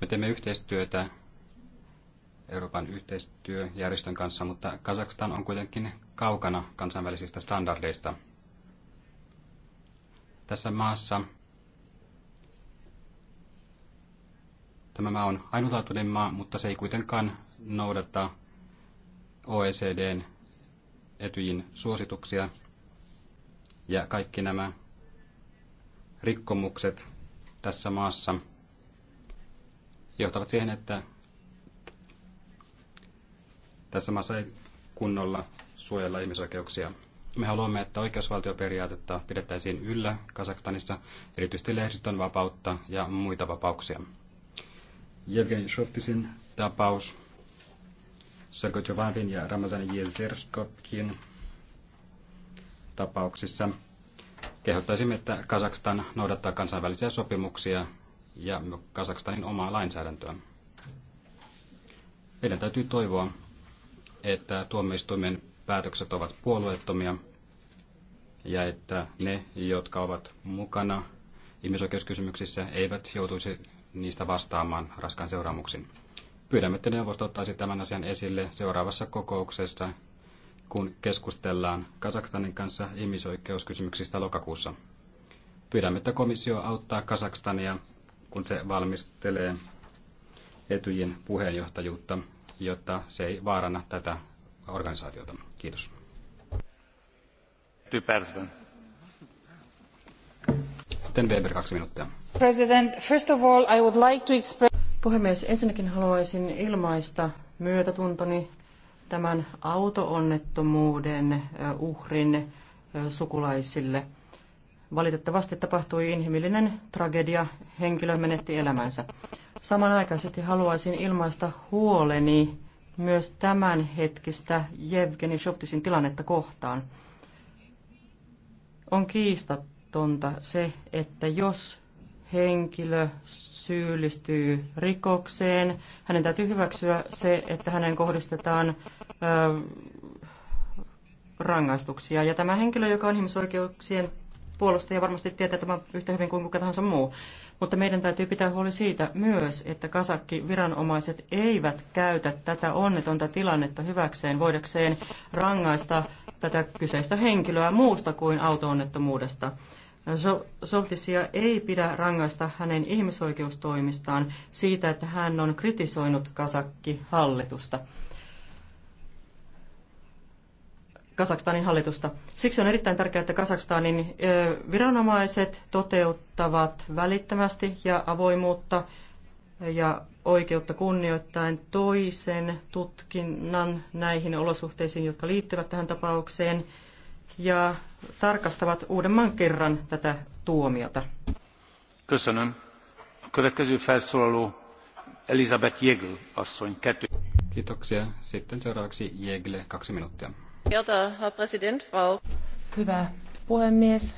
me teemme yhteistyötä Euroopan yhteistyöjärjestön kanssa, mutta Kazakstan on kuitenkin kaukana kansainvälisistä standardeista. Tässä maassa tämä maa on ainutlaatuinen maa, mutta se ei kuitenkaan noudata OECDn etyjin suosituksia ja kaikki nämä rikkomukset tässä maassa – johtavat siihen, että tässä maassa ei kunnolla suojella ihmisoikeuksia. Me haluamme, että oikeusvaltioperiaatetta pidettäisiin yllä Kazakstanissa, erityisesti lehdistön vapautta ja muita vapauksia. Jevgeni Shoftisin tapaus, Sergei Jovanin ja Ramazan Jezerskopkin tapauksissa kehottaisimme, että Kazakstan noudattaa kansainvälisiä sopimuksia ja Kasakstanin omaa lainsäädäntöä. Meidän täytyy toivoa, että tuomioistuimen päätökset ovat puolueettomia ja että ne, jotka ovat mukana ihmisoikeuskysymyksissä, eivät joutuisi niistä vastaamaan raskaan seuraamuksin. Pyydämme, että neuvosto ottaisi tämän asian esille seuraavassa kokouksessa, kun keskustellaan Kazakstanin kanssa ihmisoikeuskysymyksistä lokakuussa. Pyydämme, että komissio auttaa Kazakstania kun se valmistelee etujen puheenjohtajuutta, jotta se ei vaarana tätä organisaatiota. Kiitos. Sitten Weber kaksi minuuttia. President, first of all, I would like to express... Puhemies, ensinnäkin haluaisin ilmaista myötätuntoni tämän auto-onnettomuuden uhrin sukulaisille. Valitettavasti tapahtui inhimillinen tragedia henkilö menetti elämänsä. Samanaikaisesti haluaisin ilmaista huoleni myös tämänhetkistä Jevgeni Shoftisin tilannetta kohtaan. On kiistatonta se, että jos henkilö syyllistyy rikokseen, hänen täytyy hyväksyä se, että hänen kohdistetaan ö, rangaistuksia. Ja tämä henkilö, joka on ihmisoikeuksien puolustaja, varmasti tietää tämän yhtä hyvin kuin kuka tahansa muu mutta meidän täytyy pitää huoli siitä myös, että kasakki viranomaiset eivät käytä tätä onnetonta tilannetta hyväkseen voidakseen rangaista tätä kyseistä henkilöä muusta kuin autoonnettomuudesta. Soltisia ei pidä rangaista hänen ihmisoikeustoimistaan siitä, että hän on kritisoinut kasakki hallitusta. Kasakstanin hallitusta. Siksi on erittäin tärkeää, että Kasakstanin viranomaiset toteuttavat välittömästi ja avoimuutta ja oikeutta kunnioittain toisen tutkinnan näihin olosuhteisiin, jotka liittyvät tähän tapaukseen, ja tarkastavat uudemman kerran tätä tuomiota. Kiitoksia. Sitten seuraavaksi Jegle, kaksi minuuttia. Hyvä puhemies,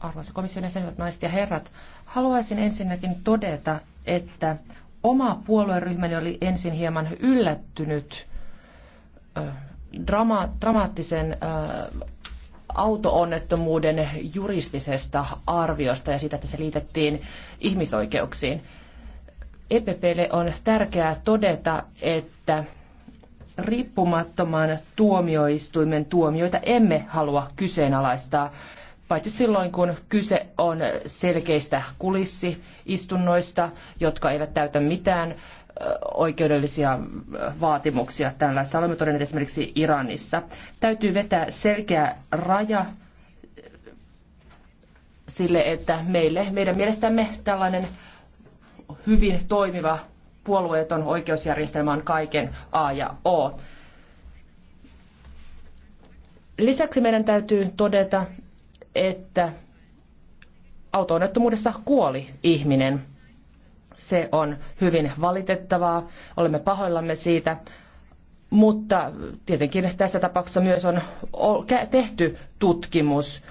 arvoisa komission jäsenet, naiset ja herrat. Haluaisin ensinnäkin todeta, että oma puolueryhmäni oli ensin hieman yllättynyt drama, dramaattisen auto-onnettomuuden juristisesta arviosta ja siitä, että se liitettiin ihmisoikeuksiin. EPPlle on tärkeää todeta, että riippumattoman tuomioistuimen tuomioita emme halua kyseenalaistaa, paitsi silloin kun kyse on selkeistä kulissiistunnoista, jotka eivät täytä mitään oikeudellisia vaatimuksia. Tällaista olemme todenneet esimerkiksi Iranissa. Täytyy vetää selkeä raja sille, että meille, meidän mielestämme tällainen hyvin toimiva puolueeton oikeusjärjestelmä on kaiken A ja O. Lisäksi meidän täytyy todeta, että auto-onnettomuudessa kuoli ihminen. Se on hyvin valitettavaa, olemme pahoillamme siitä, mutta tietenkin tässä tapauksessa myös on tehty tutkimus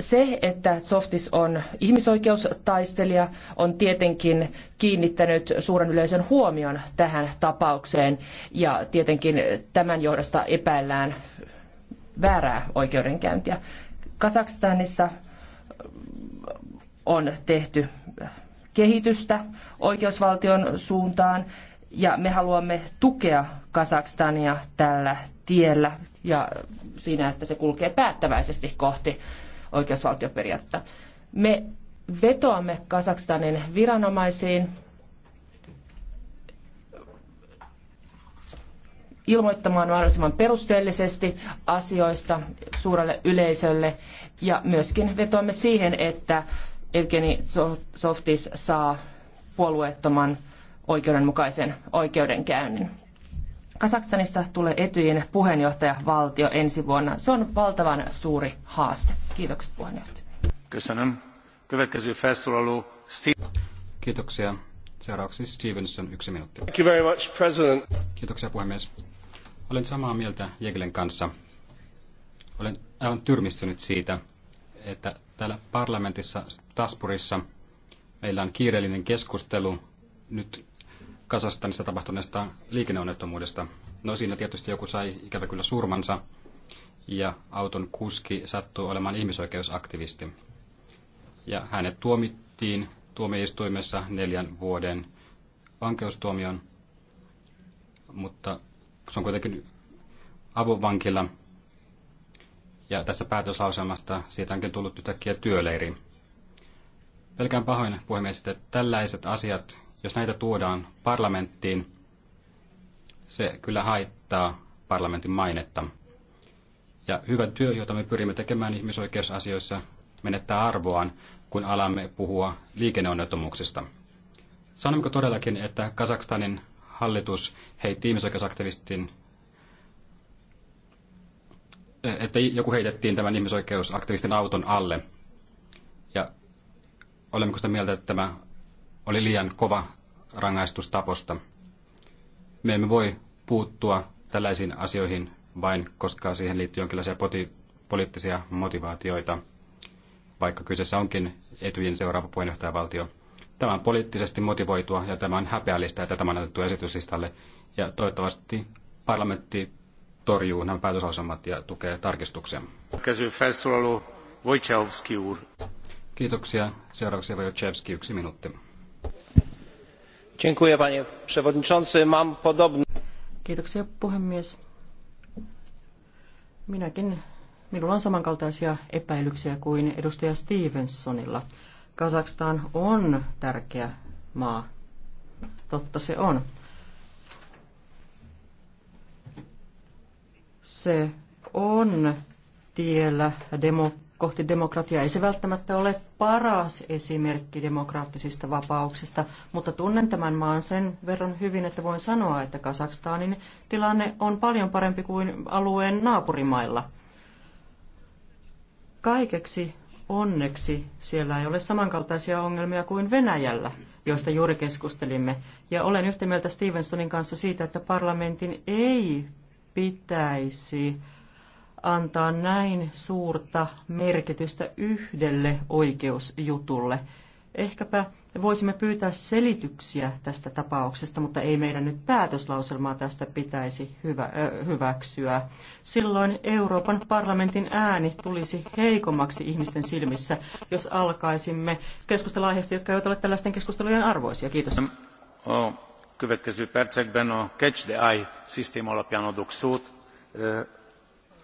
se, että Softis on ihmisoikeustaistelija, on tietenkin kiinnittänyt suuren yleisön huomion tähän tapaukseen ja tietenkin tämän johdosta epäillään väärää oikeudenkäyntiä. Kazakstanissa on tehty kehitystä oikeusvaltion suuntaan ja me haluamme tukea Kazakstania tällä tiellä ja siinä, että se kulkee päättäväisesti kohti oikeusvaltioperiaatetta. Me vetoamme Kazakstanin viranomaisiin ilmoittamaan mahdollisimman perusteellisesti asioista suurelle yleisölle ja myöskin vetoamme siihen, että Evgeni Softis saa puolueettoman oikeudenmukaisen oikeudenkäynnin. Kasakstanista tulee Etyjin puheenjohtajavaltio ensi vuonna. Se on valtavan suuri haaste. Kiitokset puheenjohtaja. Kiitoksia. Seuraavaksi Stevenson, yksi minuutti. Thank you very much, President. Kiitoksia puhemies. Olen samaa mieltä Jegelen kanssa. Olen aivan tyrmistynyt siitä, että täällä parlamentissa Strasbourgissa meillä on kiireellinen keskustelu nyt Kasastanissa tapahtuneesta liikenneonnettomuudesta. No siinä tietysti joku sai ikävä kyllä surmansa ja auton kuski sattui olemaan ihmisoikeusaktivisti. Ja hänet tuomittiin tuomioistuimessa neljän vuoden vankeustuomion, mutta se on kuitenkin avovankila. Ja tässä päätöslauselmasta siitä onkin tullut yhtäkkiä työleiri. Pelkään pahoin, puhemies, että tällaiset asiat jos näitä tuodaan parlamenttiin, se kyllä haittaa parlamentin mainetta. Ja hyvä työ, jota me pyrimme tekemään ihmisoikeusasioissa, menettää arvoaan, kun alamme puhua liikenneonnettomuuksista. Sanomiko todellakin, että Kazakstanin hallitus heitti ihmisoikeusaktivistin, eh, että joku heitettiin tämän ihmisoikeusaktivistin auton alle? Ja olemmeko sitä mieltä, että tämä oli liian kova rangaistustaposta. Me emme voi puuttua tällaisiin asioihin vain, koska siihen liittyy jonkinlaisia poti- poliittisia motivaatioita, vaikka kyseessä onkin etujen seuraava puheenjohtajavaltio. Tämä on poliittisesti motivoitua ja tämä on häpeällistä, että tämä on otettu esityslistalle. Ja toivottavasti parlamentti torjuu nämä päätöslauselmat ja tukee tarkistuksia. Kiitoksia. Seuraavaksi Vojčevski yksi minuutti panie przewodniczący! mam podobne. kiitoksia puhemies minäkin minulla on samankaltaisia epäilyksiä kuin edustaja stevensonilla. kazakstan on tärkeä maa totta se on. se on tiellä demokratiaan kohti demokratiaa. Ei se välttämättä ole paras esimerkki demokraattisista vapauksista, mutta tunnen tämän maan sen verran hyvin, että voin sanoa, että Kasakstaanin tilanne on paljon parempi kuin alueen naapurimailla. Kaikeksi onneksi siellä ei ole samankaltaisia ongelmia kuin Venäjällä, joista juuri keskustelimme. Ja olen yhtä mieltä Stevensonin kanssa siitä, että parlamentin ei pitäisi äh, antaa näin suurta merkitystä yhdelle oikeusjutulle. Ehkäpä voisimme pyytää selityksiä tästä tapauksesta, mutta ei meidän nyt päätöslauselmaa tästä pitäisi hyvä, hyväksyä. Silloin Euroopan parlamentin ääni tulisi heikommaksi ihmisten silmissä, jos alkaisimme keskustella aiheista, jotka eivät ole tällaisten keskustelujen arvoisia. Kiitos. A percekben catch the eye szisztéma alapján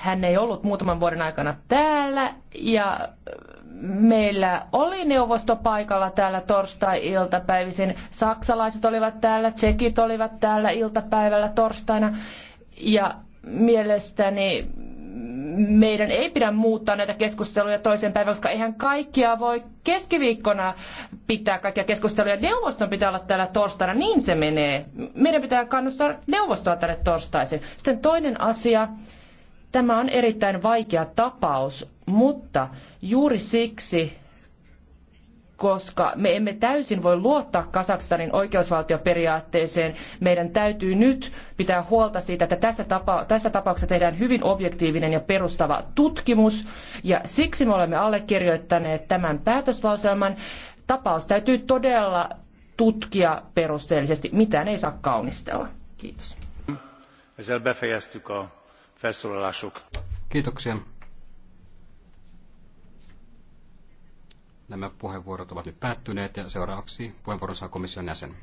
hän ei ollut muutaman vuoden aikana täällä ja meillä oli neuvosto paikalla täällä torstai-iltapäivisin. Saksalaiset olivat täällä, tsekit olivat täällä iltapäivällä torstaina ja mielestäni meidän ei pidä muuttaa näitä keskusteluja toisen päivän, koska eihän kaikkia voi keskiviikkona pitää kaikkia keskusteluja. Neuvoston pitää olla täällä torstaina, niin se menee. Meidän pitää kannustaa neuvostoa tänne torstaisin. Sitten toinen asia, Tämä on erittäin vaikea tapaus, mutta juuri siksi, koska me emme täysin voi luottaa Kazakstanin oikeusvaltioperiaatteeseen, meidän täytyy nyt pitää huolta siitä, että tässä, tapa, tässä tapauksessa tehdään hyvin objektiivinen ja perustava tutkimus. Ja siksi me olemme allekirjoittaneet tämän päätöslauselman. Tapaus täytyy todella tutkia perusteellisesti. Mitään ei saa kaunistella. Kiitos. Ezzel felszólalásuk. Kiitoksia. Nämä puheenvuorot ovat nyt päättyneet ja seuraavaksi puheenvuoron saa komission jäsen.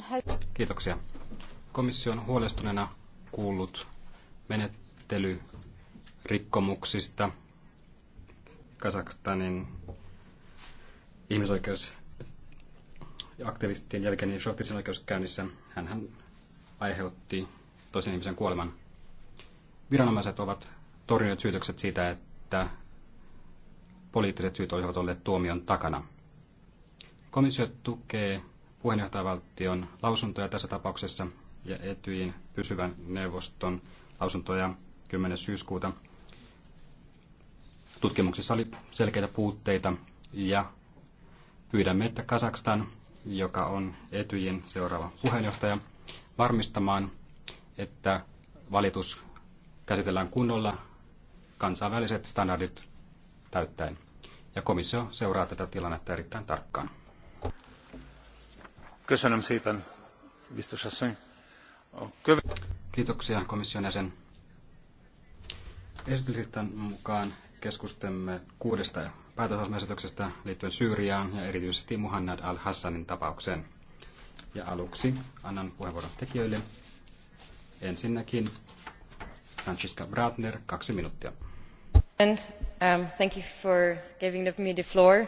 has... Kiitoksia. Komissio on huolestuneena kuullut menettelyrikkomuksista Kazakstanin ihmisoikeusaktivistin Jevgeni Shoftisin oikeuskäynnissä. hän aiheutti toisen ihmisen kuoleman. Viranomaiset ovat torjuneet syytökset siitä, että poliittiset syyt olisivat olleet tuomion takana. Komissio tukee puheenjohtajavaltion lausuntoja tässä tapauksessa ja Etyin pysyvän neuvoston lausuntoja 10. syyskuuta. Tutkimuksessa oli selkeitä puutteita ja pyydämme, että Kasakstan, joka on Etyjin seuraava puheenjohtaja, varmistamaan, että valitus käsitellään kunnolla kansainväliset standardit täyttäen. Ja komissio seuraa tätä tilannetta erittäin tarkkaan. Kiitoksia komission jäsen. Esityslistan mukaan keskustemme kuudesta päätösasmaisetuksestä liittyen Syyriaan ja erityisesti Muhannad al-Hassanin tapaukseen. Ja aluksi annan puheenvuoron tekijöille. Ensinnäkin Francesca Bratner, kaksi minuuttia. And, um, thank you for giving me the floor.